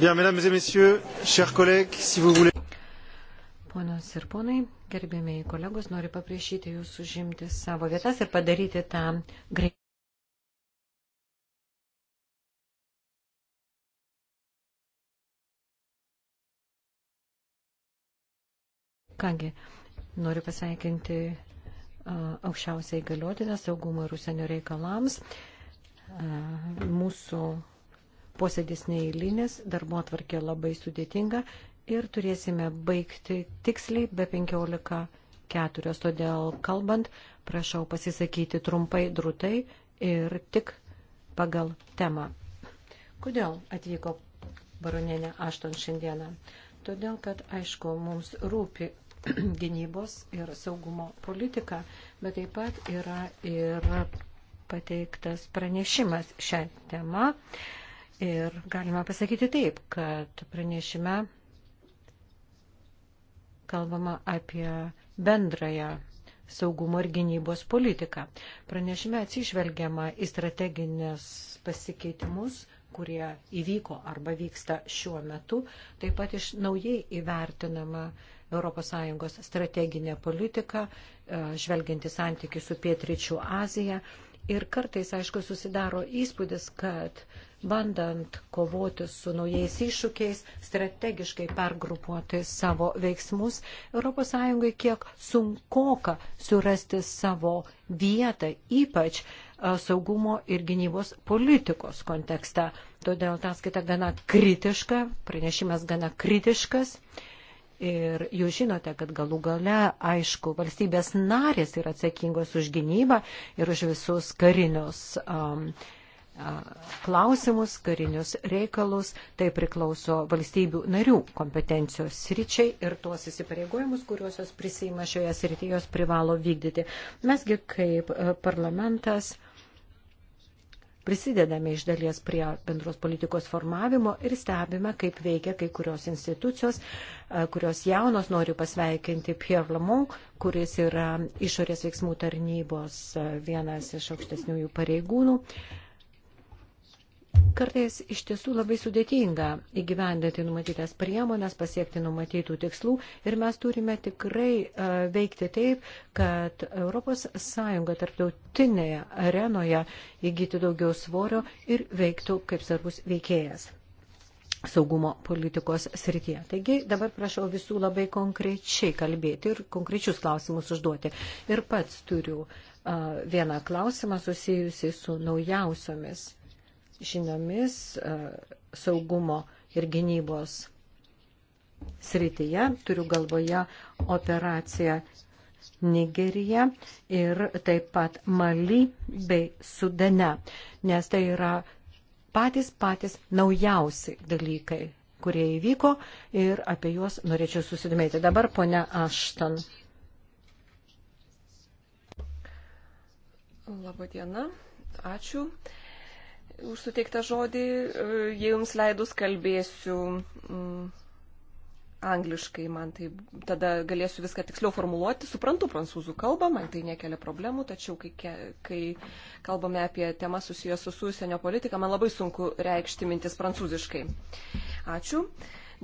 Bien, mesdames et messieurs, chers collègues, si vous voulez. Ponios ir ponai, gerbėmiai kolegos, noriu paprašyti jūsų žimti savo vietas ir padaryti tą greitai. Kągi, noriu pasveikinti aukščiausiai galiotinę saugumo ir užsienio reikalams. Mūsų posėdis neįlinis, darbo atvarkė labai sudėtinga ir turėsime baigti tiksliai be 15.4. Todėl kalbant, prašau pasisakyti trumpai, drūtai ir tik pagal temą. Kodėl atvyko baronienė Ašton šiandieną? Todėl, kad aišku, mums rūpi gynybos ir saugumo politika, bet taip pat yra ir pateiktas pranešimas šią temą. Ir galima pasakyti taip, kad pranešime kalbama apie bendrąją saugumo ir gynybos politiką. Pranešime atsižvelgiama į strateginės pasikeitimus, kurie įvyko arba vyksta šiuo metu, taip pat iš naujai įvertinama ES strateginė politika, e, žvelgianti santykių su Pietričių Azija Ir kartais, aišku, susidaro įspūdis, kad bandant kovoti su naujais iššūkiais, strategiškai pergrupuoti savo veiksmus, ES kiek sunkoka surasti savo vietą, ypač saugumo ir gynybos politikos kontekste. Todėl ataskaita gana kritiška, pranešimas gana kritiškas Ir jūs žinote, kad galų gale, aišku, valstybės narės yra atsakingos už gynybą ir už visus karinius um, klausimus, karinius reikalus. Tai priklauso valstybių narių kompetencijos sričiai ir tuos įsipareigojimus, kuriuos jos prisima šioje srityje, jos privalo vykdyti. Mesgi kaip e, parlamentas prisidedame iš dalies prie bendros politikos formavimo ir stebime, kaip veikia kai kurios institucijos, e, kurios jaunos noriu pasveikinti Pierre Lamont, kuris yra išorės veiksmų tarnybos e, vienas iš aukštesniųjų pareigūnų. Kartais iš tiesų labai sudėtinga įgyvendinti numatytas priemonės, pasiekti numatytų tikslų ir mes turime tikrai e, veikti taip, kad ES tarptautinėje arenoje įgyti daugiau svorio ir veiktų kaip svarbus veikėjas saugumo politikos srityje. Taigi dabar prašau visų labai konkrečiai kalbėti ir konkrečius klausimus užduoti. Ir pats turiu uh, vieną klausimą susijusi su naujausiomis žiniomis e, saugumo ir gynybos srityje, turiu galvoje operaciją Nigerija ir taip pat Mali bei Sudane, nes tai yra patys patys naujausi dalykai, kurie įvyko ir apie juos norėčiau susidomėti. Dabar ponia Ašton. Labadiena, ačiū už suteiktą žodį. E, jei jums leidus kalbėsiu mm, angliškai, man tai tada galėsiu viską tiksliau formuluoti. Suprantu prancūzų kalbą, man tai nekelia problemų, tačiau kai, kai kalbame apie temą susiję su užsienio politika, man labai sunku reikšti mintis prancūziškai. Ačiū.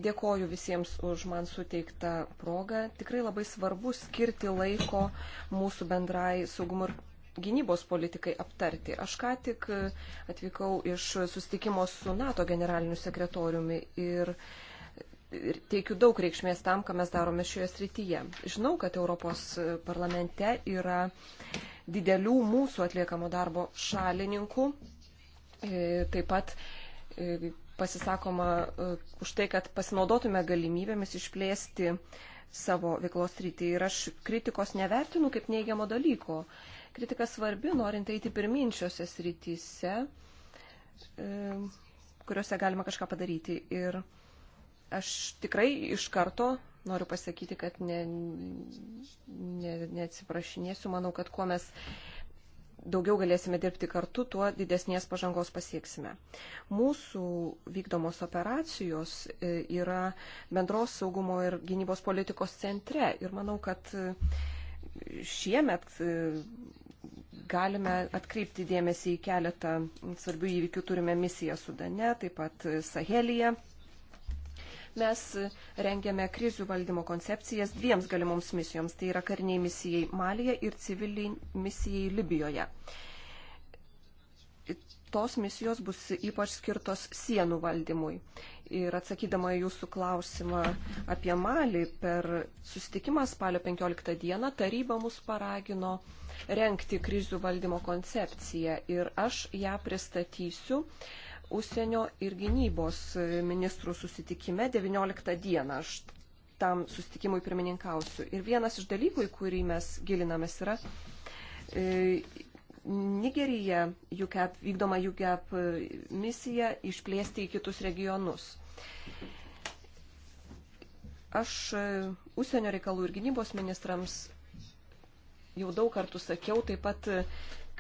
Dėkoju visiems už man suteiktą progą. Tikrai labai svarbu skirti laiko mūsų bendrai saugumo ir gynybos politikai aptarti. Aš ką tik e, atvykau iš sustikimo su NATO generaliniu sekretoriumi ir teikiu daug reikšmės tam, ką mes darome šioje srityje. Žinau, kad Europos parlamente yra didelių mūsų atliekamo darbo šalininkų. E, taip pat e, pasisakoma už tai, kad pasinaudotume galimybėmis išplėsti savo veiklos rytį. Ir aš kritikos nevertinu kaip neigiamo dalyko kritika svarbi, norint eiti pirminčiose srityse, e, kuriuose galima kažką padaryti. Ir aš tikrai iš karto noriu pasakyti, kad ne, ne, neatsiprašinėsiu. Manau, kad kuo mes daugiau galėsime dirbti kartu, tuo didesnės pažangos pasieksime. Mūsų vykdomos operacijos e, yra bendros saugumo ir gynybos politikos centre ir manau, kad e, šiemet galime atkreipti dėmesį į keletą svarbių įvykių. Turime misiją Sudane, taip pat Sahelija. Mes rengiame krizių valdymo koncepcijas dviems galimoms misijoms. Tai yra kariniai misijai Malija ir civiliai misijai Libijoje. Tos misijos bus ypač skirtos sienų valdymui. Ir atsakydama jūsų klausimą apie Malį, per susitikimą spalio 15 dieną taryba mus paragino uh, renkti krizių valdymo koncepciją ir aš ją pristatysiu užsienio ir gynybos ministrų susitikime 19 dieną. Aš tam susitikimui pirmininkausiu. Ir vienas iš dalykų, į kurį mes gilinamės, yra e, Nigerija UCAP, vykdoma UCAP misija išplėsti į kitus regionus. Aš e, užsienio reikalų ir gynybos ministrams jau daug kartų sakiau, taip pat e,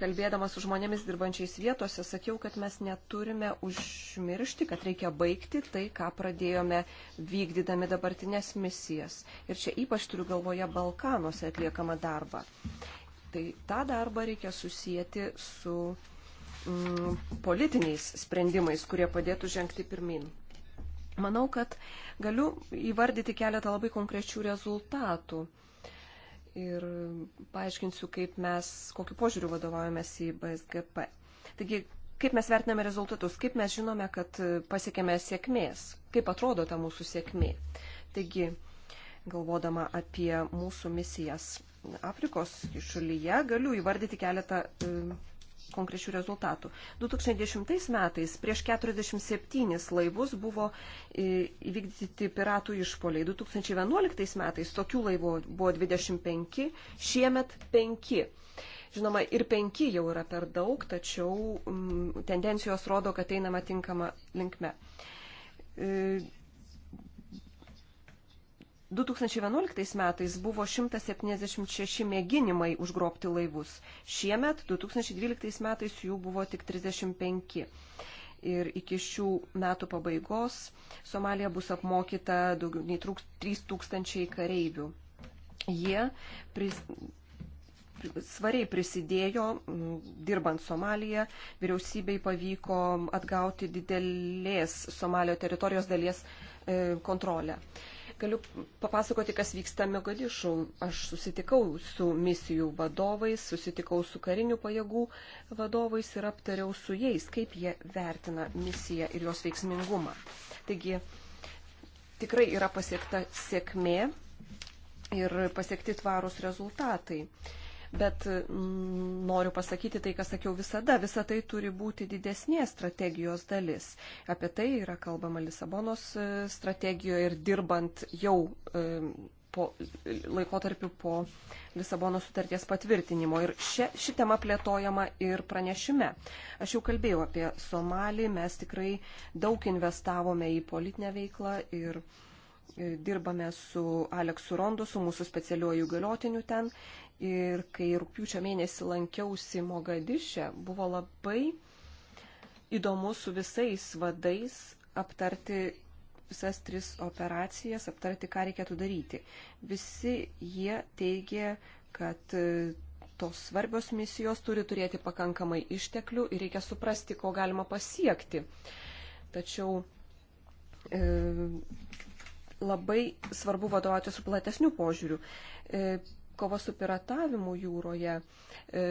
kalbėdamas su žmonėmis dirbančiais vietose, sakiau, kad mes neturime užmiršti, kad reikia baigti tai, ką pradėjome vykdydami dabartinės misijas. Ir čia ypač turiu galvoje Balkanuose atliekamą darbą. Tai tą darbą reikia susijęti su mm, politiniais sprendimais, kurie padėtų žengti pirmin. Manau, kad galiu įvardyti keletą labai konkrečių rezultatų. Mm, ir paaiškinsiu, kaip mes, kokiu požiūriu vadovaujamės į BSGP. Taigi, kaip mes vertiname rezultatus, kaip mes žinome, kad pasiekėme sėkmės, kaip atrodo ta mūsų sėkmė. Taigi, galvodama apie mūsų misijas Afrikos šalyje, galiu įvardyti keletą e, konkrečių rezultatų. 2010 metais prieš 47 laivus buvo e, įvykdyti piratų išpoliai. 2011 metais tokių laivų buvo 25, šiemet 5. Žinoma, ir 5 jau yra per daug, tačiau m, mm, tendencijos rodo, kad einama tinkama linkme. E, 2011 metais buvo 176 mėginimai užgrobti laivus. Šiemet, 2012 metais, jų buvo tik 35. Ir iki šių metų pabaigos Somalija bus apmokyta daugiau nei 3000 kareivių. Jie pris, svariai prisidėjo, dirbant Somaliją, vyriausybei pavyko atgauti didelės Somalio teritorijos dalies e, kontrolę. E, Galiu papasakoti, kas vyksta Megadišu. Aš susitikau su misijų vadovais, susitikau su karinių pajėgų vadovais ir aptariau su jais, kaip jie vertina misiją ir jos veiksmingumą. Taigi tikrai yra pasiekta sėkmė ir pasiekti tvarus rezultatai bet mm, noriu pasakyti tai, ką sakiau visada. Visa tai turi būti didesnės strategijos dalis. Apie tai yra kalbama Lisabonos e, strategijoje ir dirbant jau e, po, laikotarpiu po Lisabonos sutarties patvirtinimo. Ir ši, ši tema plėtojama ir pranešime. Aš jau kalbėjau apie Somalį, mes tikrai daug investavome į politinę veiklą ir e, dirbame su Aleksu Rondu, su mūsų specialiuoju galiotiniu ten. Ir kai rūpiučio mėnesį lankiausi Mogadišė, buvo labai įdomu su visais vadais aptarti visas tris operacijas, aptarti, ką reikėtų daryti. Visi jie teigė, kad e, tos svarbios misijos turi turėti pakankamai išteklių ir reikia suprasti, ko galima pasiekti. Tačiau e, labai svarbu vadovauti su platesniu požiūriu. E, kova su piratavimu jūroje e,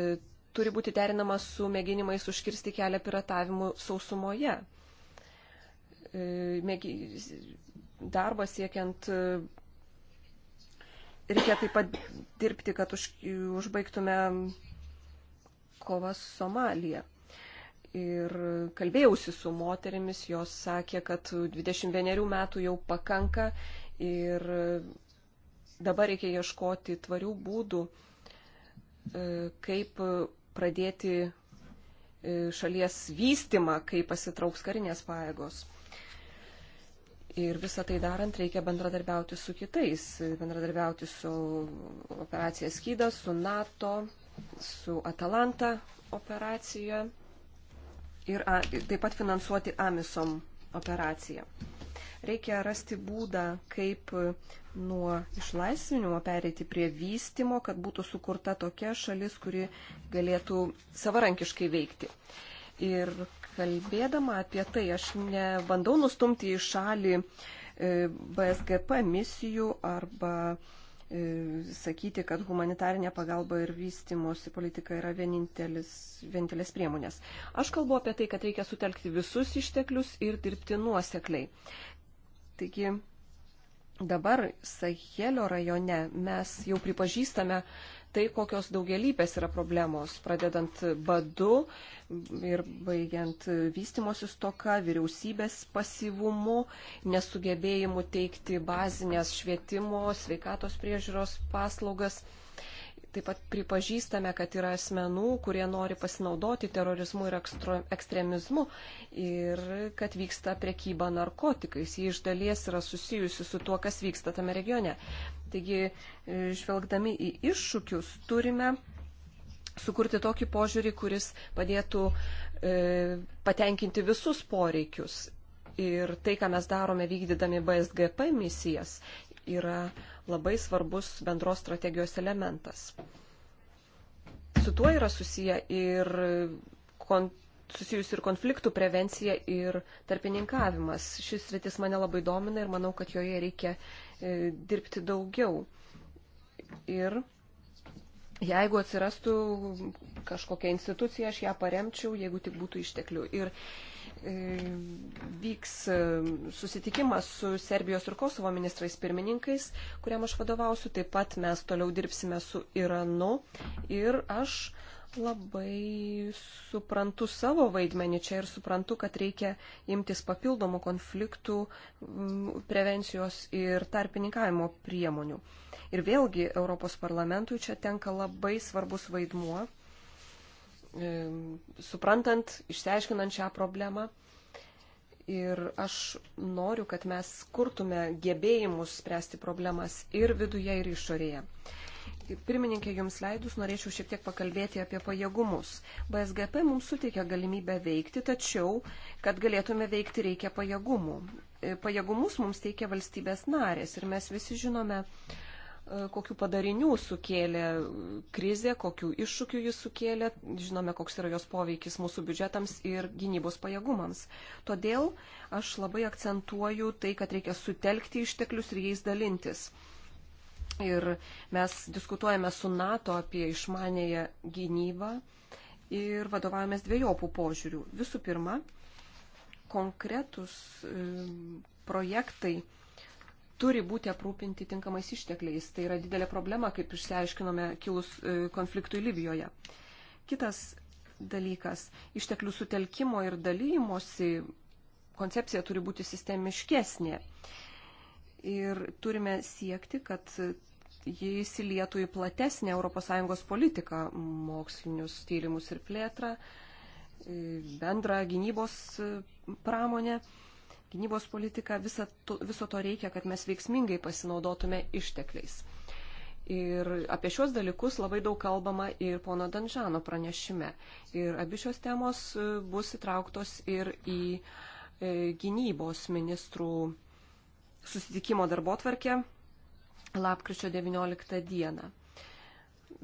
turi būti derinama su mėginimais užkirsti kelią piratavimu sausumoje. E, mėgi, darbas siekiant. E, reikia taip pat dirbti, kad už, užbaigtume kovą Somalija. Ir kalbėjausi su moterimis, jos sakė, kad 21 metų jau pakanka ir dabar reikia ieškoti tvarių būdų, e, kaip pradėti e, šalies vystimą, kai pasitrauks karinės pajėgos. Ir visą tai darant reikia bendradarbiauti su kitais, bendradarbiauti su operacija Skyda, su NATO, su Atalanta operacija ir, ir taip pat finansuoti Amisom operaciją. Reikia rasti būdą, kaip nuo išlaisvinimo pereiti prie vystimo, kad būtų sukurta tokia šalis, kuri galėtų savarankiškai veikti. Ir kalbėdama apie tai, aš nebandau nustumti į šalį e, BSGP misijų arba e, sakyti, kad humanitarinė pagalba ir vystimosi politika yra vienintelės priemonės. Aš kalbu apie tai, kad reikia sutelkti visus išteklius ir dirbti nuosekliai. Taigi dabar Sahelio rajone mes jau pripažįstame tai, kokios daugelįpės yra problemos, pradedant badu ir baigiant vystimosi stoka, vyriausybės pasivumu, nesugebėjimu teikti bazinės švietimo, sveikatos priežiūros paslaugas. Taip pat pripažįstame, kad yra asmenų, kurie nori pasinaudoti terorizmu ir ekstremizmu ir kad vyksta prekyba narkotikais. Ji iš dalies yra susijusi su tuo, kas vyksta tame regione. Taigi, e, žvelgdami į iššūkius, turime sukurti tokį požiūrį, kuris padėtų e, patenkinti visus poreikius. Ir tai, ką mes darome vykdydami BSGP misijas, yra labai svarbus bendros strategijos elementas. Su tuo yra susiję ir kon, susijus ir konfliktų prevencija ir tarpininkavimas. Šis rytis mane labai domina ir manau, kad joje reikia e, dirbti daugiau. Ir Jeigu atsirastų kažkokia institucija, aš ją paremčiau, jeigu tik būtų išteklių. Ir E, vyks e, susitikimas su Serbijos ir Kosovo ministrais pirmininkais, kuriam aš vadovausiu. Taip pat mes toliau dirbsime su Iranu. Ir aš labai suprantu savo vaidmenį čia ir suprantu, kad reikia imtis papildomų konfliktų prevencijos ir tarpininkavimo priemonių. Ir vėlgi Europos parlamentui čia tenka labai svarbus vaidmuo suprantant, išsiaiškinant šią problemą. Ir aš noriu, kad mes kurtume gebėjimus spręsti problemas ir viduje, ir išorėje. Pirmininkė, jums leidus, norėčiau šiek tiek pakalbėti apie pajėgumus. BSGP mums suteikia galimybę veikti, tačiau, kad galėtume veikti, reikia pajėgumų. Pajėgumus mums teikia valstybės narės ir mes visi žinome, uh, kokiu padarinių sukėlė krizė, kokiu iššūkiu jis sukėlė, žinome, koks yra jos poveikis mūsų biudžetams ir gynybos pajėgumams. Todėl aš labai akcentuoju tai, kad reikia sutelkti išteklius ir jais dalintis. Ir mes diskutuojame su NATO apie išmanėją gynybą ir vadovavomės dviejopų požiūrių. Visų pirma, konkretus e, projektai turi būti aprūpinti tinkamais ištekliais. Tai yra didelė problema, kaip išsiaiškinome, kilus e, konfliktui Libijoje. Kitas dalykas - išteklių sutelkimo ir dalymosi koncepcija turi būti sistemiškesnė. Ir turime siekti, kad ji įsilietų į platesnę ES politiką - mokslinius tyrimus ir plėtrą, e, bendrą gynybos e, pramonę gynybos politiką, viso to, viso to reikia, kad mes veiksmingai pasinaudotume ištekliais. Ir apie šios dalykus labai daug kalbama ir pono Danžano pranešime. Ir abi šios temos e, bus įtrauktos ir į e, gynybos ministrų susitikimo darbo tvarkę lapkričio 19 dieną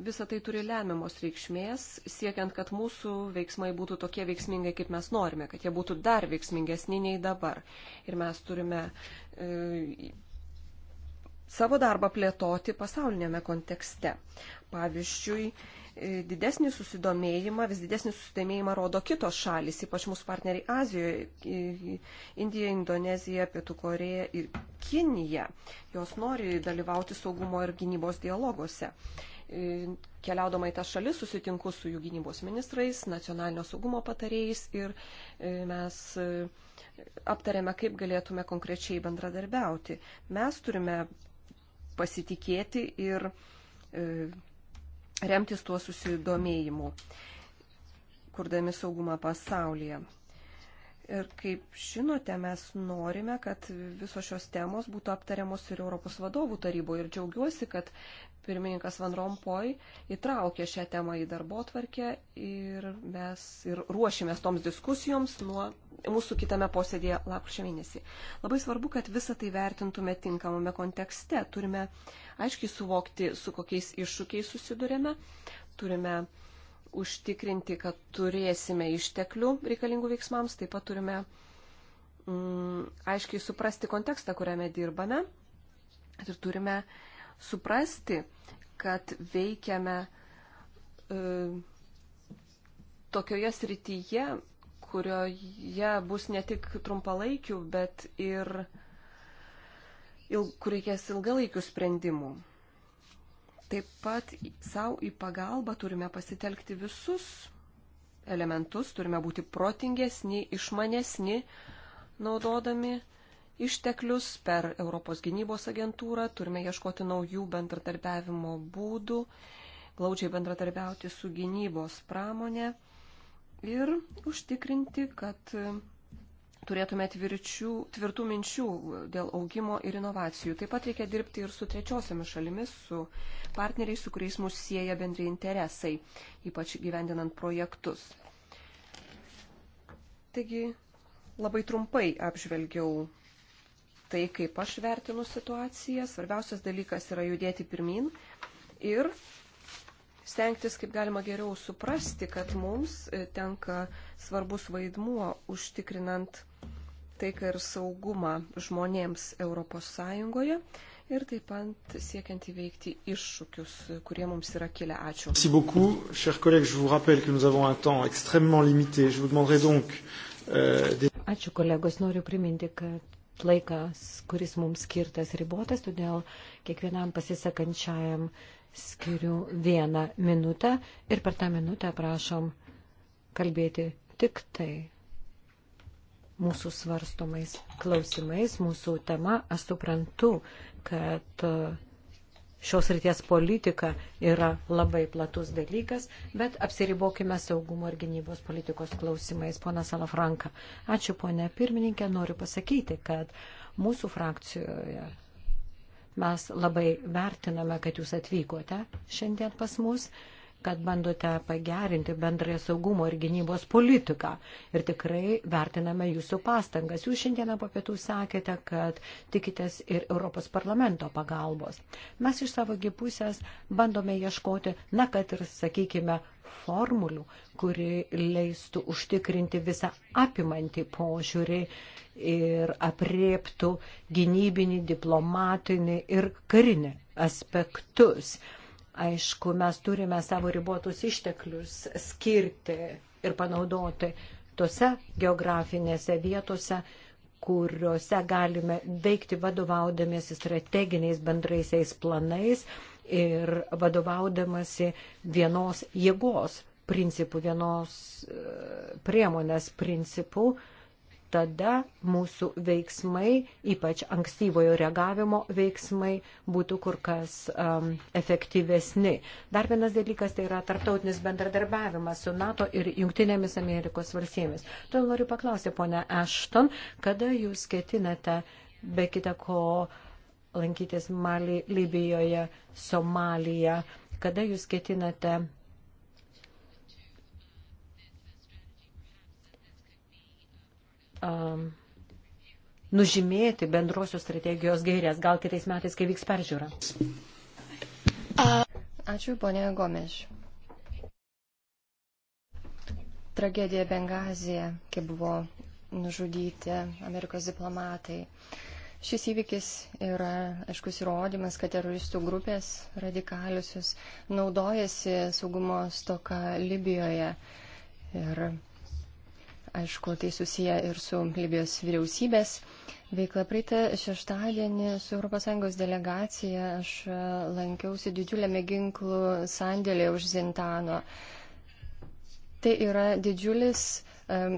visa tai turi lemiamos reikšmės, siekiant, kad mūsų veiksmai būtų tokie veiksmingai, kaip mes norime, kad jie būtų dar veiksmingesni nei dabar. Ir mes turime e, savo darbą plėtoti pasaulinėme kontekste. Pavyzdžiui, e, didesnį susidomėjimą, vis didesnį susidomėjimą rodo kitos šalis, ypač mūsų partneriai Azijoje - Indija, Indonezija, Pietų Koreja ir Kinija. Jos nori dalyvauti saugumo ir gynybos dialoguose keliaudama į tą šalis susitinku su jų gynybos ministrais, nacionalinio saugumo patarėjais ir e, mes e, aptarėme, kaip galėtume konkrečiai bendradarbiauti. Mes turime pasitikėti ir e, remtis tuo susidomėjimu, kurdami saugumą pasaulyje. Ir kaip žinote, mes norime, kad visos šios temos būtų aptariamos ir Europos vadovų taryboje. Ir džiaugiuosi, kad pirmininkas Van Rompuy įtraukė šią temą į darbo tvarkę ir mes ir ruošimės toms diskusijoms nuo mūsų kitame posėdėje lapkričio mėnesį. Labai svarbu, kad visą tai vertintume tinkamame kontekste. Turime aiškiai suvokti, su kokiais iššūkiais susidurėme. Turime užtikrinti, kad turėsime išteklių reikalingų veiksmams. Taip pat turime mm, aiškiai suprasti kontekstą, kuriame dirbame. Ir turime uh, suprasti, kad veikiame e, tokioje srityje, kurioje bus ne tik trumpalaikių, bet ir il, kur reikės ilgalaikių sprendimų. Taip pat savo į pagalbą turime pasitelkti visus elementus, turime būti protingesni, išmanesni, naudodami išteklius per Europos gynybos agentūrą, turime ieškoti naujų bendradarbiavimo būdų, glaudžiai bendradarbiauti su gynybos pramonė ir užtikrinti, kad turėtume tvirčių, tvirtų minčių dėl augimo ir inovacijų. Taip pat reikia dirbti ir su trečiosiomis šalimis, su partneriais, su kuriais mūsų sieja bendri interesai, ypač gyvendinant projektus. Taigi labai trumpai apžvelgiau tai, kaip aš vertinu situaciją. Svarbiausias dalykas yra judėti pirmin ir stengtis kaip galima geriau suprasti, kad mums e, tenka svarbus vaidmuo užtikrinant taiką ir saugumą žmonėms Europos Sąjungoje ir taip pat siekiant įveikti iššūkius, kurie mums yra kilę. Ačiū. Merci beaucoup, chers collègues, je vous rappelle que nous avons un temps extrêmement limité. Je vous demanderai donc. Euh, des... Ačiū kolegos, noriu priminti, kad laikas, kuris mums skirtas, ribotas, todėl kiekvienam pasisakančiajam skiriu vieną minutę ir per tą minutę prašom kalbėti tik tai mūsų svarstomais klausimais, mūsų tema. Aš suprantu, kad uh, šios ryties politika yra labai platus dalykas, bet apsiribokime saugumo ir gynybos politikos klausimais. Pona Salafranka, ačiū ponė pirmininkė, noriu pasakyti, kad mūsų frakcijoje mes labai vertiname, kad jūs atvykote šiandien pas mus kad bandote pagerinti bendrąją saugumo ir gynybos politiką. Ir tikrai vertiname jūsų pastangas. Jūs šiandieną po pietų sakėte, kad tikitės ir Europos parlamento pagalbos. Mes iš savo gypusės bandome ieškoti, na, kad ir, sakykime, formulių, kuri leistų užtikrinti visą apimantį požiūrį ir apriektų gynybinį, diplomatinį ir karinį aspektus. Aišku, mes turime savo ribotus išteklius skirti ir panaudoti tose geografinėse vietose, kuriuose galime veikti vadovaudamėsi strateginiais bendraisiais planais ir vadovaudamasi vienos jėgos principų, vienos e, priemonės principų, uh, tada mūsų veiksmai, ypač ankstyvojo reagavimo veiksmai, būtų kur kas um, efektyvesni. Dar vienas dalykas tai yra tarptautinis bendradarbiavimas su NATO ir Junktinėmis Amerikos valstybėmis. Todėl noriu paklausti, ponia Ashton, kada jūs ketinate be kita ko lankytis Mali, Libijoje, Somalija, kada jūs ketinate um, nužymėti bendrosios strategijos gairės, gal kitais metais, kai vyks peržiūra. Ačiū, ponė Gomeš. Tragedija Bengazija, kai buvo nužudyti Amerikos diplomatai. Šis įvykis yra aiškus įrodymas, kad teroristų grupės radikaliusius naudojasi saugumo stoka Libijoje. Ir Aišku, tai susiję ir su Libijos vyriausybės veikla. Praeitą šeštadienį su ES delegacija aš e, lankiausi didžiuliame ginklų sandėlėje už Zintano. Tai yra didžiulis um,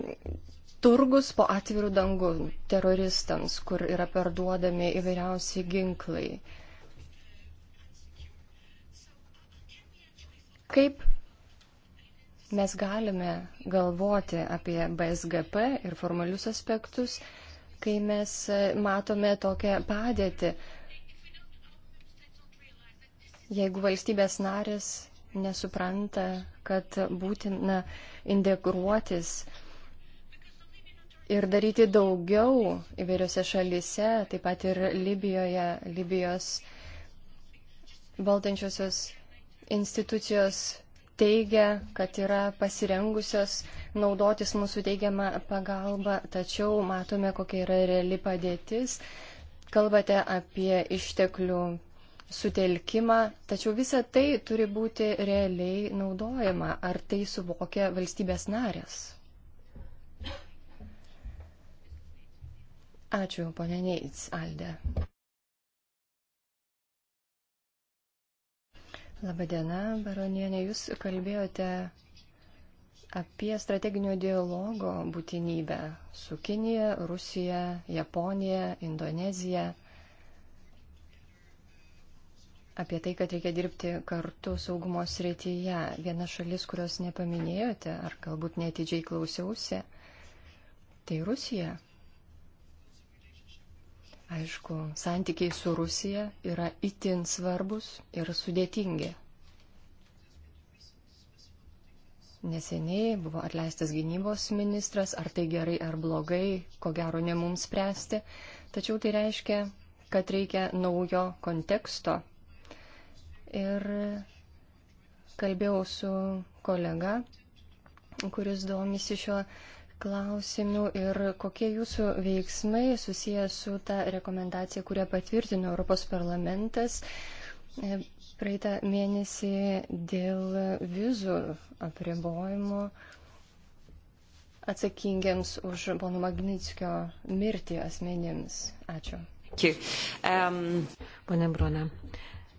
turgus po atvirų dangų teroristams, kur yra parduodami įvairiausi ginklai. Kaip Mes galime galvoti apie BSGP ir formalius aspektus, kai mes e, matome tokią padėtį. Jeigu valstybės narės nesupranta, kad būtina integruotis ir daryti daugiau įvairiose šalyse, taip pat ir Libijoje, Libijos valdančiosios institucijos teigia, kad yra pasirengusios naudotis mūsų teigiamą pagalbą, tačiau matome, kokia yra reali padėtis. Kalbate apie išteklių sutelkimą, tačiau visa tai turi būti realiai naudojama. Ar tai suvokia valstybės narės? Ačiū, ponė Neits, Alde. Labadiena, baronienė, jūs kalbėjote apie strateginio dialogo būtinybę su Kinija, Rusija, Japonija, Indonezija. Apie tai, kad reikia dirbti kartu saugumo srityje. Viena šalis, kurios nepaminėjote, ar galbūt netidžiai klausiausi, tai Rusija. Aišku, santykiai su Rusija yra itin svarbus ir sudėtingi. Neseniai buvo atleistas gynybos ministras, ar tai gerai ar blogai, ko gero ne mums spręsti, tačiau tai reiškia, kad reikia naujo konteksto. Ir kalbėjau su kolega, kuris domisi šiuo klausimų ir kokie jūsų veiksmai susijęs su ta rekomendacija, kurią patvirtino Europos parlamentas e, praeitą mėnesį dėl vizų apribojimų atsakingiams už pono Magnitskio mirtį asmenims. Ačiū. Um... Pone Bruna,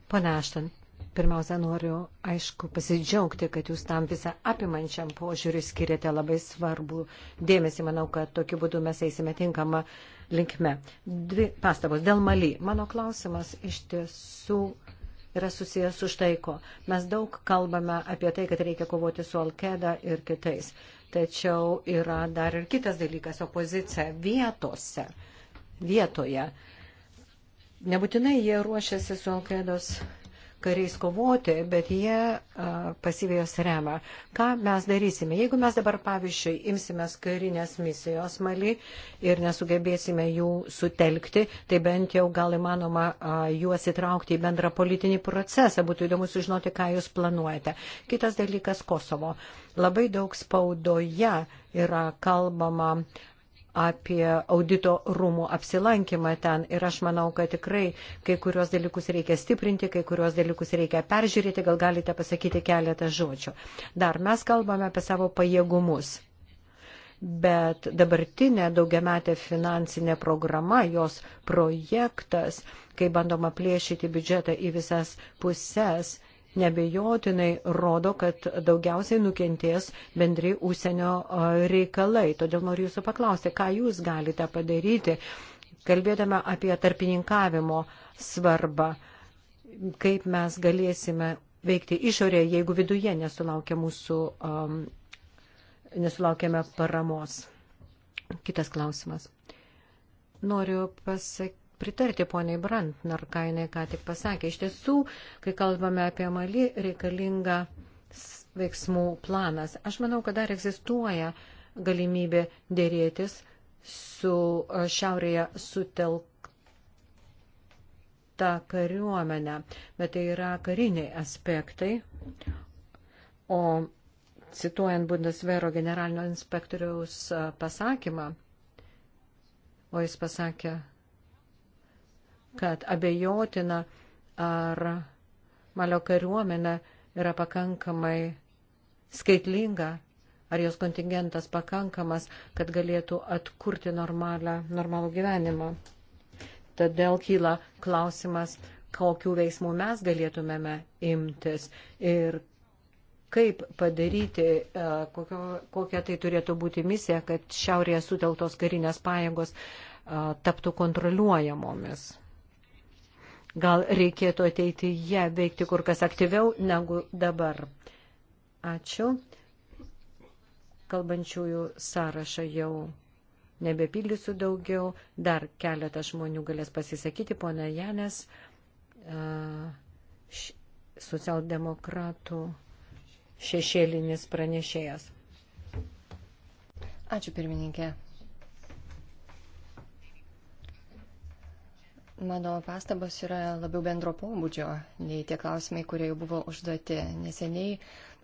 pone Aštan, Pirmiausia, noriu, aišku, pasidžiaugti, kad jūs tam visą apimančiam požiūriu skiriate labai svarbų dėmesį. Manau, kad tokiu būdu mes eisime tinkamą linkme. Dvi pastabos dėl Mali. Mano klausimas iš tiesų yra susijęs su štai ko. Mes daug kalbame apie tai, kad reikia kovoti su Alkeda ir kitais. Tačiau yra dar ir kitas dalykas - opozicija vietose, vietoje. Nebūtinai jie ruošiasi su Alkedos kariais kovoti, bet jie pasivėjos remą. Ką mes darysime? Jeigu mes dabar, pavyzdžiui, imsimės karinės misijos Mali ir nesugebėsime jų sutelkti, tai bent jau gal įmanoma juos įtraukti į bendrą politinį procesą. Būtų įdomu sužinoti, ką jūs planuojate. Kitas dalykas - Kosovo. Labai daug spaudoje yra kalbama apie audito rūmų apsilankymą ten ir aš manau, kad tikrai kai kurios dalykus reikia stiprinti, kai kurios dalykus reikia peržiūrėti, gal galite pasakyti keletą žodžių. Dar mes kalbame apie savo pajėgumus. Bet dabartinė daugiametė finansinė programa, jos projektas, kai bandoma plėšyti biudžetą į visas puses, nebejotinai rodo, kad daugiausiai nukentės bendri užsienio reikalai. Todėl noriu jūsų paklausti, ką jūs galite padaryti, kalbėdama apie tarpininkavimo svarbą, kaip mes galėsime veikti išorėje, jeigu viduje nesulaukia mūsų, um, nesulaukiame paramos. Kitas klausimas. Noriu pasakyti pritarti poniai Brantner, ką jinai ką tik pasakė. Iš tiesų, kai kalbame apie Mali, reikalinga veiksmų planas. Aš manau, kad dar egzistuoja galimybė dėrėtis su šiaurėje sutelkta kariuomenė, bet tai yra kariniai aspektai. O cituojant Bundesvero generalinio inspektoriaus pasakymą, o jis pasakė kad abejotina, ar Malio kariuomenė yra pakankamai skaitlinga, ar jos kontingentas pakankamas, kad galėtų atkurti normalią, normalų gyvenimą. Todėl kyla klausimas, kokių veiksmų mes galėtumėme imtis ir kaip padaryti, e, kokio, kokia tai turėtų būti misija, kad šiaurėje suteltos karinės pajėgos e, taptų kontroliuojamomis. Gal reikėtų ateityje veikti kur kas aktyviau negu dabar. Ačiū. Kalbančiųjų sąrašą jau nebepildysiu daugiau. Dar keletą žmonių galės pasisakyti. Pone Janės, socialdemokratų šešėlinis pranešėjas. Ačiū pirmininkė. Mano pastabos yra labiau bendro pobūdžio nei tie klausimai, kurie jau buvo užduoti. Neseniai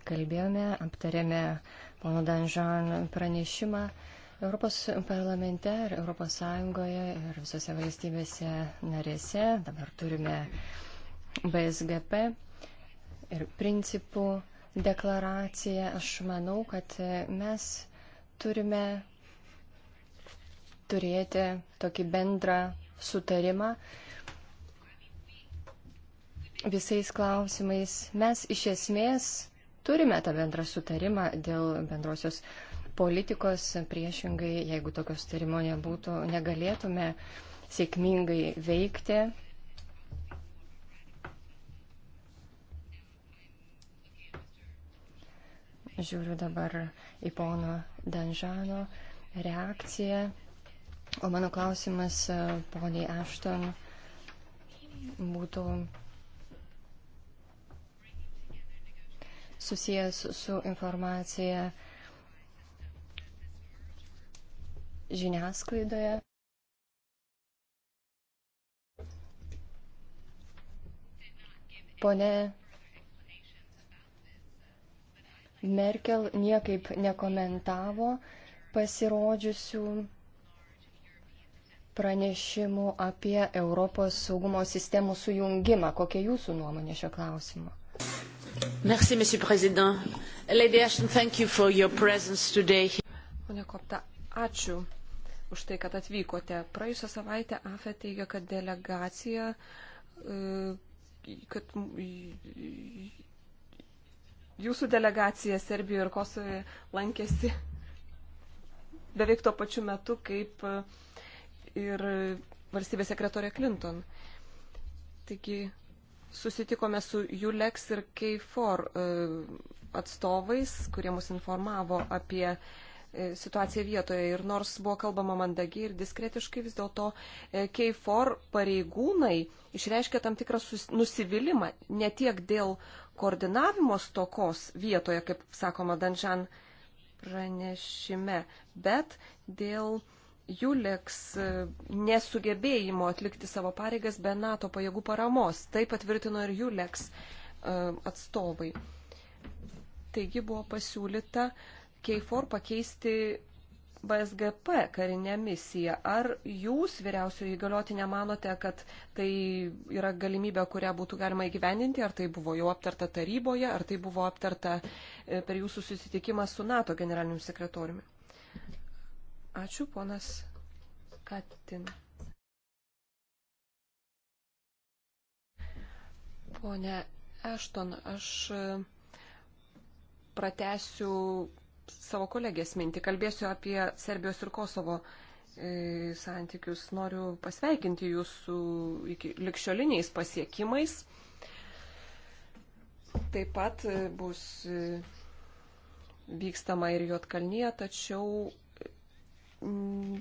kalbėjome, aptarėme pono Danžan pranešimą. Europos parlamente ir Europos Sąjungoje ir visose valstybėse narėse dabar turime BSGP ir principų deklaraciją. Aš manau, kad mes turime turėti tokį bendrą sutarimą visais klausimais. Mes iš esmės turime tą bendrą sutarimą dėl bendrosios politikos. Priešingai, jeigu tokio sutarimo nebūtų, negalėtume sėkmingai veikti. Žiūriu dabar į pono Danžano reakciją. O mano klausimas, e, poniai Ashton, būtų susijęs su informacija žiniasklaidoje. Pone Merkel niekaip nekomentavo pasirodžiusių pranešimų apie Europos saugumo sistemų sujungimą. Kokia jūsų nuomonė šio klausimu? Merci, Monsieur President. Lady Ashton, thank you for your presence today. Pone Kopta, ačiū už tai, kad atvykote. Praėjusią savaitę AFE teigia, kad delegacija, e, kad jūsų delegacija Serbijoje ir Kosovoje lankėsi beveik tuo pačiu metu, kaip uh, ir valstybės sekretorė Clinton. Taigi susitikome su ULEX ir K4 e, atstovais, kurie mus informavo apie e, situaciją vietoje. Ir nors buvo kalbama mandagiai ir diskretiškai, vis dėlto e, K4 pareigūnai išreiškė tam tikrą nusivylimą ne tiek dėl koordinavimo stokos vietoje, kaip sakoma Danžan pranešime, bet dėl Juleks e, nesugebėjimo atlikti savo pareigas be NATO pajėgų paramos. Tai patvirtino ir Juleks e, atstovai. Taigi buvo pasiūlyta KFOR pakeisti BSGP karinę misiją. Ar jūs, vyriausioji įgaliotinė, manote, kad tai yra galimybė, kurią būtų galima įgyvendinti, ar tai buvo jau aptarta taryboje, ar tai buvo aptarta e, per jūsų susitikimą su NATO generaliniu sekretoriumi? Ačiū, ponas Katin. Pone Ešton, aš pratesiu savo kolegės mintį. Kalbėsiu apie Serbijos ir Kosovo e, santykius. Noriu pasveikinti jūsų likščioliniais pasiekimais. Taip pat bus e, vykstama ir Jotkalnyje, tačiau Mm,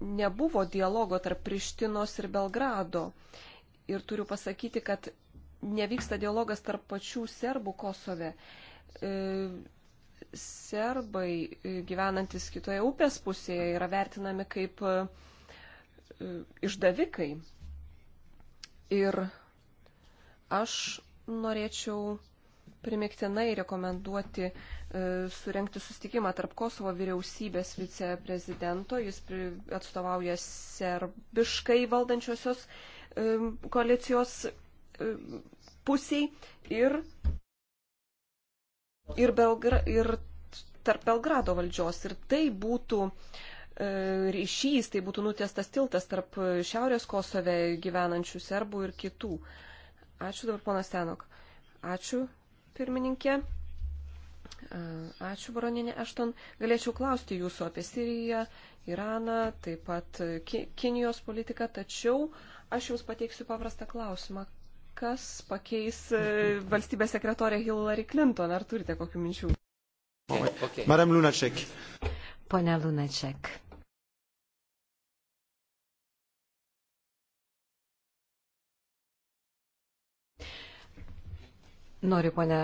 nebuvo dialogo tarp Prištinos ir Belgrado. Ir turiu pasakyti, kad nevyksta dialogas tarp pačių serbų Kosove. E, serbai e, gyvenantis kitoje upės pusėje yra vertinami kaip e, išdavikai. Ir aš norėčiau primiktinai rekomenduoti E, surenkti sustikimą tarp Kosovo vyriausybės viceprezidento, jis atstovauja serbiškai valdančiosios e, koalicijos e, pusiai ir, ir, Belgra, ir tarp Belgrado valdžios. Ir tai būtų ryšys, tai būtų nutestas tiltas tarp Šiaurės Kosove gyvenančių serbų ir kitų. Ačiū dabar, ponas Tenok. Ačiū, pirmininkė. Ačiū, baroninė Ešton. Galėčiau klausti jūsų apie Siriją, Iraną, taip pat Kinijos politiką, tačiau aš jums pateiksiu paprastą klausimą. Kas pakeis e, valstybės sekretorę Hillary Clinton? Ar turite kokių minčių? Okay. Madame Lunaček. Pone Lunaček. Noriu, ponė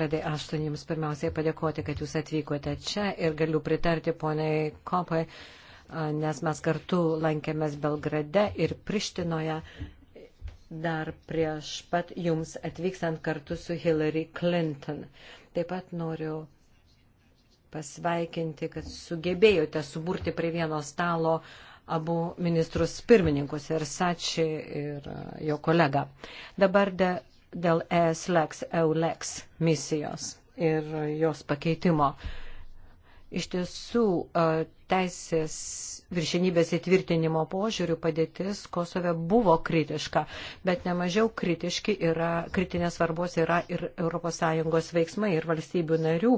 Ledai Ašton, Jums pirmiausiai padėkoti, kad Jūs atvykote čia ir galiu pritarti poniai Kopai, nes mes kartu lankėmės Belgrade ir Prištinoje dar prieš pat Jums atvykstant kartu su Hillary Clinton. Taip pat noriu pasveikinti, kad sugebėjote suburti prie vieno stalo uh, abu ministrus pirmininkus ir Sači ir jo kolega. Dabar de, dėl ESLEX, EULEX misijos ir jos pakeitimo. Iš tiesų, teisės viršinybės įtvirtinimo požiūrių padėtis Kosove buvo kritiška, bet nemažiau kritiški yra, kritinės svarbos yra ir ES veiksmai ir valstybių narių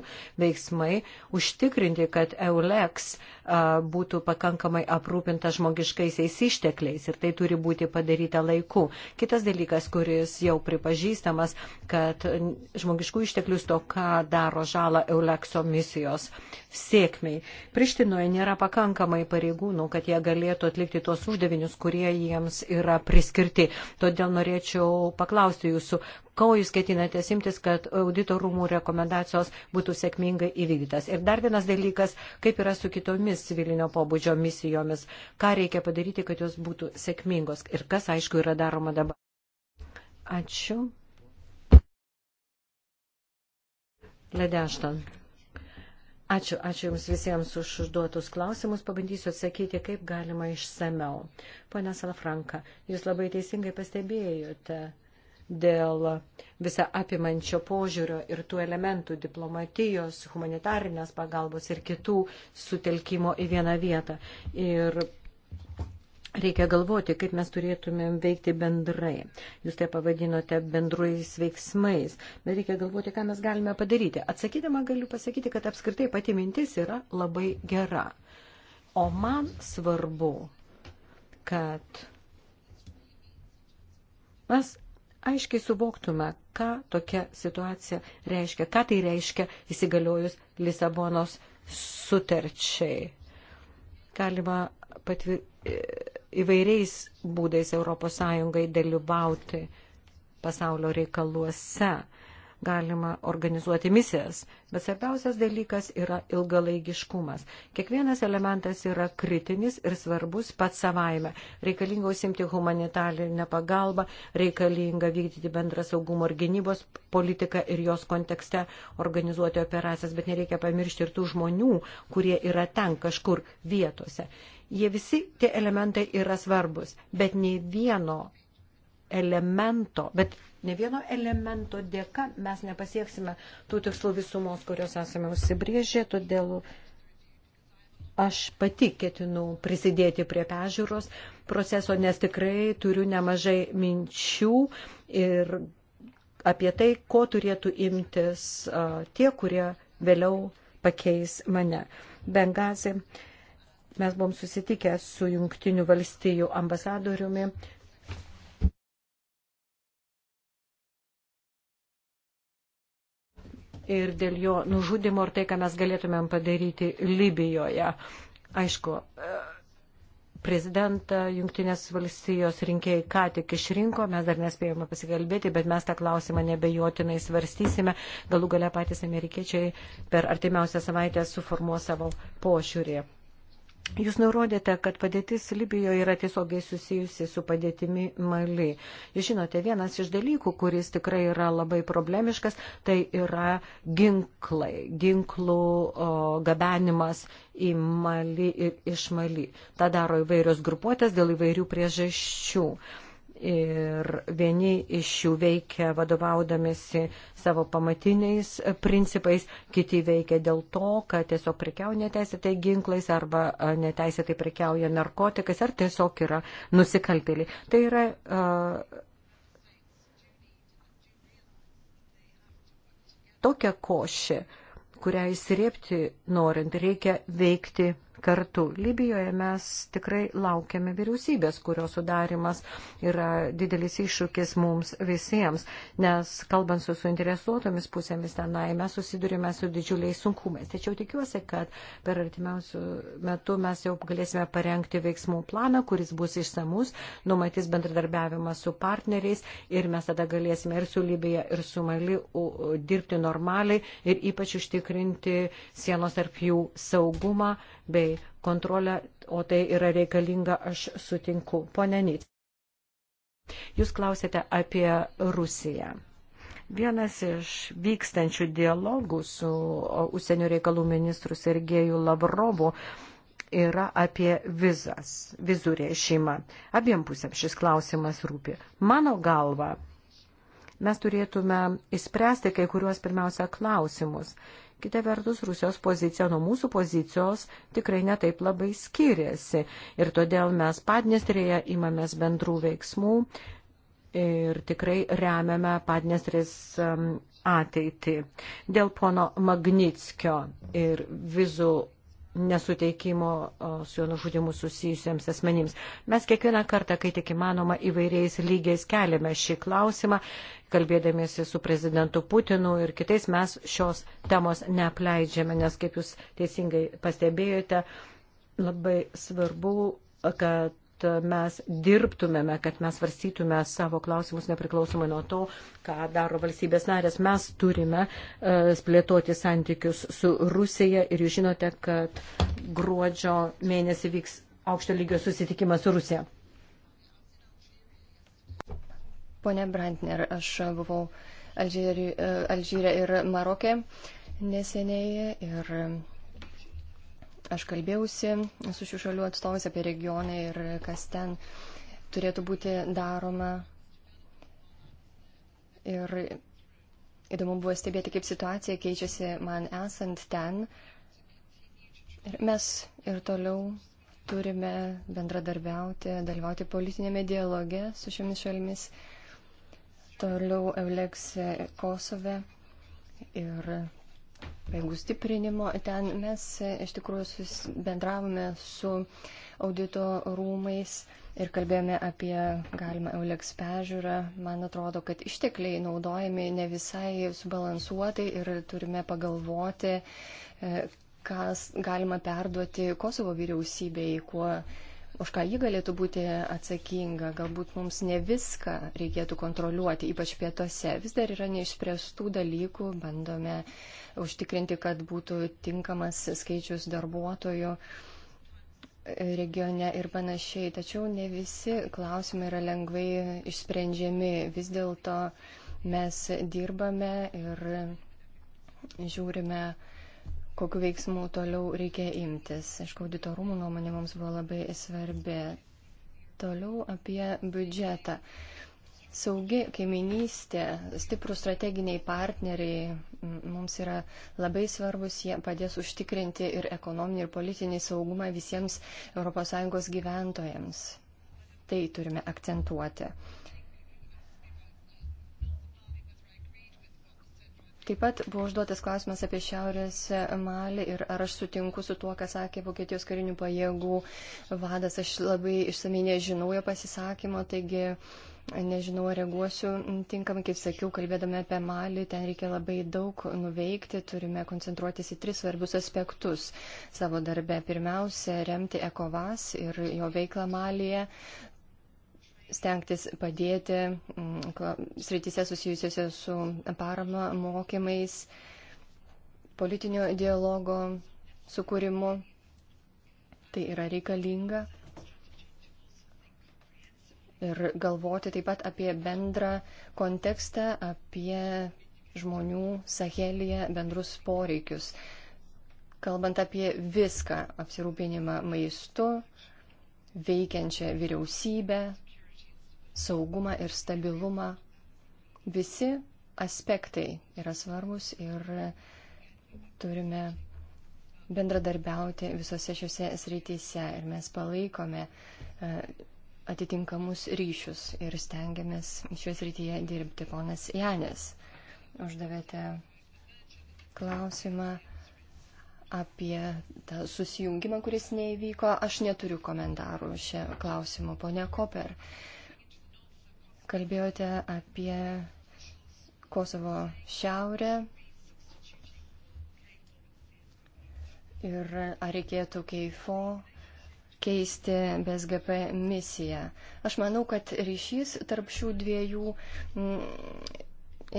veiksmai užtikrinti, kad EULEX a, būtų pakankamai aprūpinta žmogiškaisiais ištekliais ir tai turi būti padaryta laiku. Kitas dalykas, kuris jau pripažįstamas, kad žmogiškų išteklių stoka daro žalą EULEXO misijos sėkmiai. Prištinoje nėra pakankamai pareigūnų, kad jie galėtų atlikti tuos uždavinius, kurie jiems yra priskirti. Todėl norėčiau paklausti jūsų, ko jūs ketinate simtis, kad audito rūmų rekomendacijos būtų sėkmingai įvykdytas. Ir dar vienas dalykas, kaip yra su kitomis civilinio pobūdžio misijomis, ką reikia padaryti, kad jos būtų sėkmingos ir kas, aišku, yra daroma dabar. Ačiū. Ledeštan. Ačiū, ačiū Jums visiems už užduotus klausimus. Pabandysiu atsakyti, kaip galima išsameu. Pone Salafranka, Jūs labai teisingai pastebėjote dėl visą apimančio požiūrio ir tų elementų diplomatijos, humanitarinės pagalbos ir kitų sutelkimo į vieną vietą. Ir Reikia galvoti, kaip mes turėtumėm veikti bendrai. Jūs tai pavadinote bendruojais veiksmais, bet reikia galvoti, ką mes galime padaryti. Atsakydama galiu pasakyti, kad apskritai pati mintis yra labai gera. O man svarbu, kad mes aiškiai suvoktume, ką tokia situacija reiškia, ką tai reiškia įsigaliojus Lisabonos sutarčiai. Galima patvir įvairiais būdais ES dalyvauti pasaulio reikaluose. Galima organizuoti misijas, bet svarbiausias dalykas yra ilgalaigiškumas. Kiekvienas elementas yra kritinis ir svarbus pats savaime. Reikalinga užsimti humanitarinę pagalbą, reikalinga vykdyti bendrą saugumo ir gynybos politiką ir jos kontekste organizuoti operacijas, bet nereikia pamiršti ir tų žmonių, kurie yra ten kažkur vietose. Jie visi tie elementai yra svarbus, bet nei vieno elemento, bet ne vieno elemento dėka mes nepasieksime tų tikslų visumos, kurios esame užsibrėžę, todėl aš pati ketinu prisidėti prie pežiūros proceso, nes tikrai turiu nemažai minčių ir apie tai, ko turėtų imtis tie, kurie vėliau pakeis mane. Bengazi mes buvom susitikę su jungtinių valstijų ambasadoriumi. Ir dėl jo nužudimo ir tai, ką mes galėtumėm padaryti Libijoje. Aišku, prezidentą jungtinės valstijos rinkėjai ką tik išrinko, mes dar nespėjome pasikalbėti, bet mes tą klausimą nebejotinai svarstysime. Galų gale patys amerikiečiai per artimiausią savaitę suformuos savo pošiūrį. Jūs nurodėte, kad padėtis Libijoje yra tiesiogiai susijusi su padėtimi Mali. Jūs žinote, vienas iš dalykų, kuris tikrai yra labai problemiškas, tai yra ginklai, ginklų o, gabenimas į Mali ir iš Mali. Ta daro įvairios grupuotės dėl įvairių priežasčių. O, ir vieni iš jų veikia vadovaudamėsi savo pamatiniais principais, kiti veikia dėl to, kad tiesiog prekiauja neteisėtai ginklais arba e, neteisėtai prekiauja narkotikais ar tiesiog yra nusikaltėliai. Tai yra uh, tokia košė, kurią įsirėpti norint reikia veikti kartu. Libijoje mes tikrai laukiame vyriausybės, kurio sudarimas yra didelis iššūkis mums visiems, nes kalbant su suinteresuotomis pusėmis tenai mes susidurime su didžiuliais sunkumais. Tačiau tikiuosi, kad per artimiausių metų mes jau galėsime parengti veiksmų planą, kuris bus išsamus, numatys bendradarbiavimą su partneriais ir mes tada galėsime ir su Libija, ir su Mali dirbti normaliai ir ypač užtikrinti sienos tarp jų saugumą bei kontrolę, o tai yra reikalinga, aš sutinku. Pone Nyt, jūs klausėte apie Rusiją. Vienas iš vykstančių dialogų su užsienio reikalų ministru Sergeju Lavrovu yra apie vizas, vizų režimą. Abiem pusėm šis klausimas rūpi. Mano galva, mes turėtume įspręsti kai kuriuos pirmiausia klausimus Kita vertus, Rusijos pozicija nuo mūsų pozicijos tikrai netaip labai skiriasi. Ir todėl mes Padnestrėje imamės bendrų veiksmų ir tikrai remiame Padnestrės um, ateitį. Dėl pono Magnitskio ir vizų nesuteikimo su jo nužudimu susijusiems asmenims. Mes kiekvieną kartą, kai tik įmanoma, įvairiais lygiais keliame šį klausimą, kalbėdamiesi su prezidentu Putinu ir kitais mes šios temos neapleidžiame, nes, kaip jūs teisingai pastebėjote, labai svarbu, kad mes dirbtumėme, kad mes varstytume savo klausimus nepriklausomai nuo to, ką daro valstybės narės. Mes turime e, plėtoti santykius su Rusija ir jūs žinote, kad gruodžio mėnesį vyks aukšto lygio susitikimas su Rusija. Pone Brantner, aš buvau Alžyre ir Marokė neseniai ir Aš kalbėjausi su šių šalių atstovais apie regioną ir kas ten turėtų būti daroma. Ir įdomu buvo stebėti, kaip situacija keičiasi man esant ten. Ir mes ir toliau turime bendradarbiauti, dalyvauti politinėme dialoge su šiomis šalimis. Toliau Euleks Kosove ir pajėgų stiprinimo. Ten mes e, iš tikrųjų bendravome su audito rūmais ir kalbėjome apie galimą EULEX pežiūrą. Man atrodo, kad ištekliai naudojami ne visai subalansuotai ir turime pagalvoti, e, kas galima perduoti Kosovo vyriausybei, kuo už ką ji galėtų būti atsakinga. Galbūt mums ne viską reikėtų kontroliuoti, ypač pietuose. Vis dar yra neišspręstų dalykų, bandome užtikrinti, kad būtų tinkamas skaičius darbuotojų regione ir panašiai. Tačiau ne visi klausimai yra lengvai išsprendžiami. Vis dėlto mes dirbame ir žiūrime kokiu veiksmu toliau reikia imtis. Aišku, auditorumų nuomonė mums buvo labai svarbi. Toliau apie biudžetą. Saugi kaiminystė, stiprus strateginiai partneriai mums yra labai svarbus, jie padės užtikrinti ir ekonominį, ir politinį saugumą visiems ES gyventojams. Tai turime akcentuoti. Taip pat buvo užduotas klausimas apie Šiaurės Malį ir ar aš sutinku su tuo, ką sakė Vokietijos karinių pajėgų vadas. Aš labai išsamei nežinau jo pasisakymo, taigi nežinau, ar reaguosiu tinkamai, kaip sakiau, kalbėdami apie Malį, ten reikia labai daug nuveikti, turime koncentruotis į tris svarbius aspektus savo darbe. Pirmiausia, remti Ekovas ir jo veiklą Malyje stengtis padėti mm, srityse susijusiuose su parama mokymais, politinio dialogo sukūrimu. Tai yra reikalinga. Ir galvoti taip pat apie bendrą kontekstą, apie žmonių Sahelėje bendrus poreikius. Kalbant apie viską - apsirūpinimą maistu, veikiančią vyriausybę, saugumą ir stabilumą. Visi aspektai yra svarbus ir turime bendradarbiauti visose šiuose srityse ir mes palaikome e, atitinkamus ryšius ir stengiamės šioje srityje dirbti. Ponas Janės, uždavėte klausimą apie tą susijungimą, kuris neįvyko. Aš neturiu komentarų šią klausimą, ponia Koper. Uh, kalbėjote apie Kosovo šiaurę ir ar reikėtų keifo keisti BSGP misiją. Aš manau, kad ryšys tarp šių dviejų mm,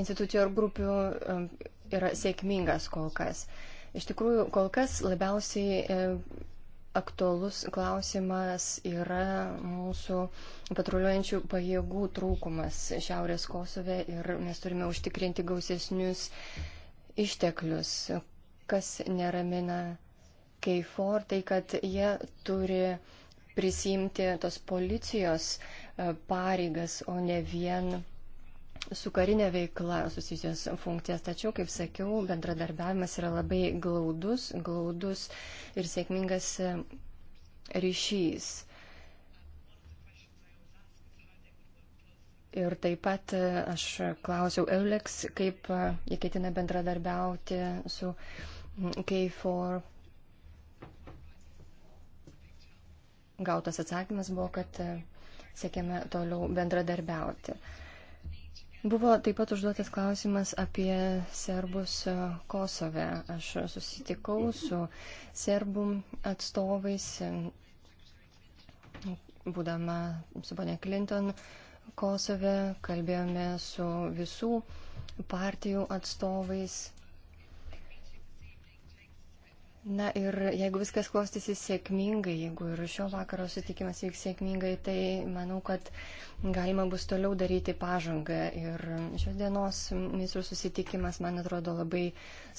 institucijų ir grupių mm, yra sėkmingas kol kas. Iš tikrųjų, kol kas labiausiai e, aktualus klausimas yra mūsų patruliuojančių pajėgų trūkumas Šiaurės Kosove ir mes turime užtikrinti gausesnius išteklius. Kas neramina Keifor, tai kad jie turi prisimti tos policijos e, pareigas, o ne vien su karinė veikla susijusios funkcijas. Tačiau, kaip sakiau, bendradarbiavimas yra labai glaudus, glaudus ir sėkmingas e, ryšys. Ir taip pat e, aš klausiau Eulex, kaip e, jie ketina bendradarbiauti su K4. Gautas atsakymas buvo, kad siekiame toliau bendradarbiauti. Uh, Buvo taip pat užduotas klausimas apie serbus e, Kosove. Aš susitikau su serbų atstovais, e, būdama su ponia Clinton Kosove, kalbėjome su visų partijų atstovais Na ir jeigu viskas klostysis sėkmingai, jeigu ir šio vakaro sutikimas vyks sėkmingai, tai manau, kad galima bus toliau daryti pažangą. Ir šios dienos ministrų susitikimas, man atrodo, labai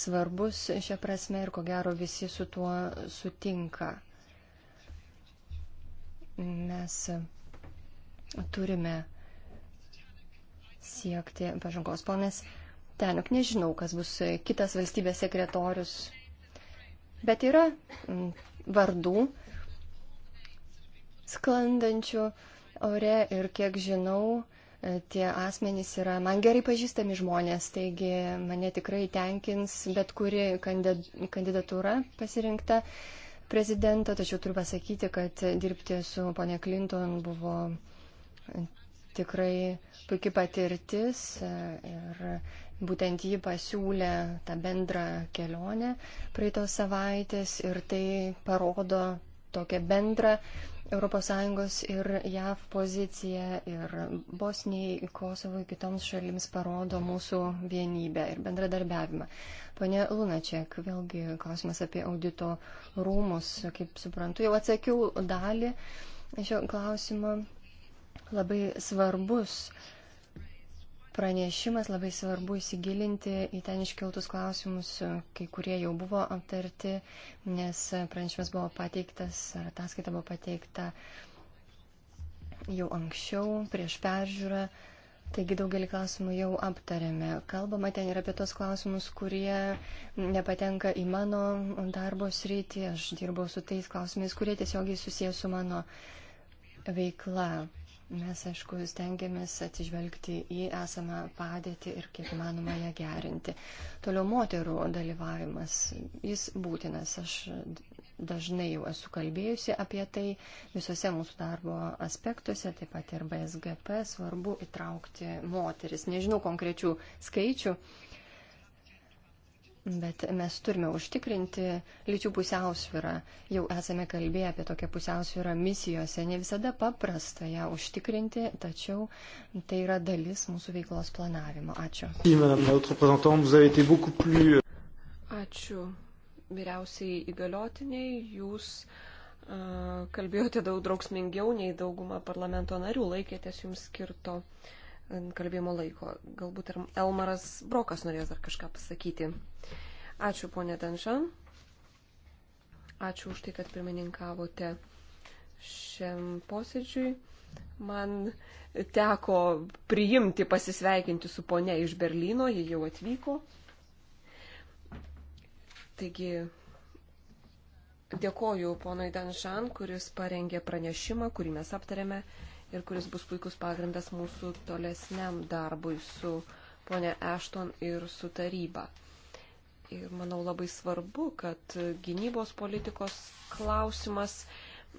svarbus šią prasme ir ko gero visi su tuo sutinka. Mes turime siekti pažangos. Ponas Tenuk, nežinau, kas bus kitas valstybės sekretorius bet yra mm, vardų sklandančių ore ir kiek žinau, e, tie asmenys yra man gerai pažįstami žmonės, taigi mane tikrai tenkins bet kuri kandidatūra pasirinkta prezidento, tačiau turiu pasakyti, kad dirbti su ponia Clinton buvo tikrai puikia patirtis e, ir būtent ji pasiūlė tą bendrą kelionę praeitos savaitės ir tai parodo tokią bendrą ES ir JAV poziciją ir Bosnijai, Kosovui, kitoms šalims parodo mūsų vienybę ir bendradarbiavimą. Pone Lunačiak, vėlgi klausimas apie audito rūmus, kaip suprantu, jau atsakiau dalį šio klausimo labai svarbus pranešimas, labai svarbu įsigilinti į ten iškiltus klausimus, kai kurie jau buvo aptarti, nes pranešimas buvo pateiktas, ar ataskaita buvo pateikta jau anksčiau, prieš peržiūrą. Taigi daugelį klausimų jau aptarėme. Kalbama ten ir apie tos klausimus, kurie nepatenka į mano darbo sritį. Aš dirbau su tais klausimais, kurie tiesiogiai susijęs su mano veikla. Mes, aišku, stengiamės atsižvelgti į esamą padėtį ir kiek manoma ją gerinti. Toliau moterų dalyvavimas, jis būtinas. Aš dažnai jau esu kalbėjusi apie tai visose mūsų darbo aspektuose, taip pat ir BSGP, svarbu įtraukti moteris. Nežinau konkrečių skaičių, Bet mes turime užtikrinti lyčių pusiausvyrą. Jau esame kalbėję apie tokią pusiausvyrą misijose. Ne visada paprasta ją užtikrinti, tačiau tai yra dalis mūsų veiklos planavimo. Ačiū. Euh, Ačiū. Vyriausiai įgaliotiniai, jūs uh, kalbėjote daug draugsmingiau nei dauguma parlamento narių, laikėtės jums skirto uh, kalbėjimo laiko. Galbūt ir Elmaras Brokas norės dar kažką pasakyti. Ačiū, ponė Danžan. Ačiū už tai, kad pirmininkavote šiam posėdžiui. Man teko priimti pasisveikinti su ponė iš Berlyno, ji jau atvyko. Taigi dėkoju ponui Danžan, kuris parengė pranešimą, kurį mes aptarėme ir kuris bus puikus pagrindas mūsų tolesniam darbui su ponė Ešton ir su taryba. Ir manau labai svarbu, kad gynybos politikos klausimas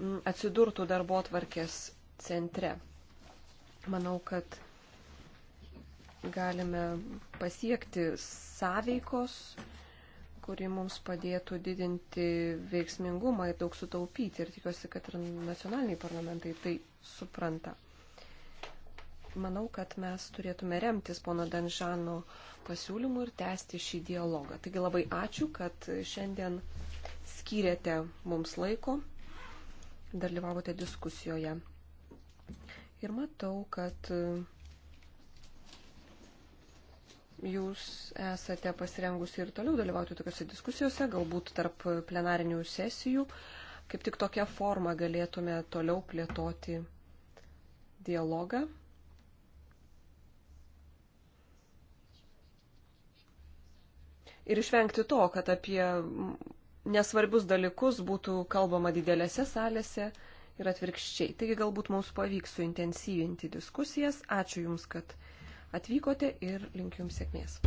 mm, atsidurtų darbo atvarkės centre. Manau, kad galime pasiekti sąveikos, kuri mums padėtų didinti veiksmingumą ir daug sutaupyti. Ir tikiuosi, kad ir nacionaliniai parlamentai tai supranta. Manau, kad mes turėtume remtis pono Danžano pasiūlymų ir tęsti šį dialogą. Taigi labai ačiū, kad šiandien skyrėte mums laiko, dalyvavote diskusijoje. Ir matau, kad jūs esate pasirengusi ir toliau dalyvauti tokiuose diskusijose, galbūt tarp plenarinių sesijų. Kaip tik tokią formą galėtume toliau plėtoti dialogą. Ir išvengti to, kad apie nesvarbius dalykus būtų kalbama didelėse salėse ir atvirkščiai. Taigi galbūt mums pavyks suintensyvinti diskusijas. Ačiū Jums, kad atvykote ir linkiu Jums sėkmės.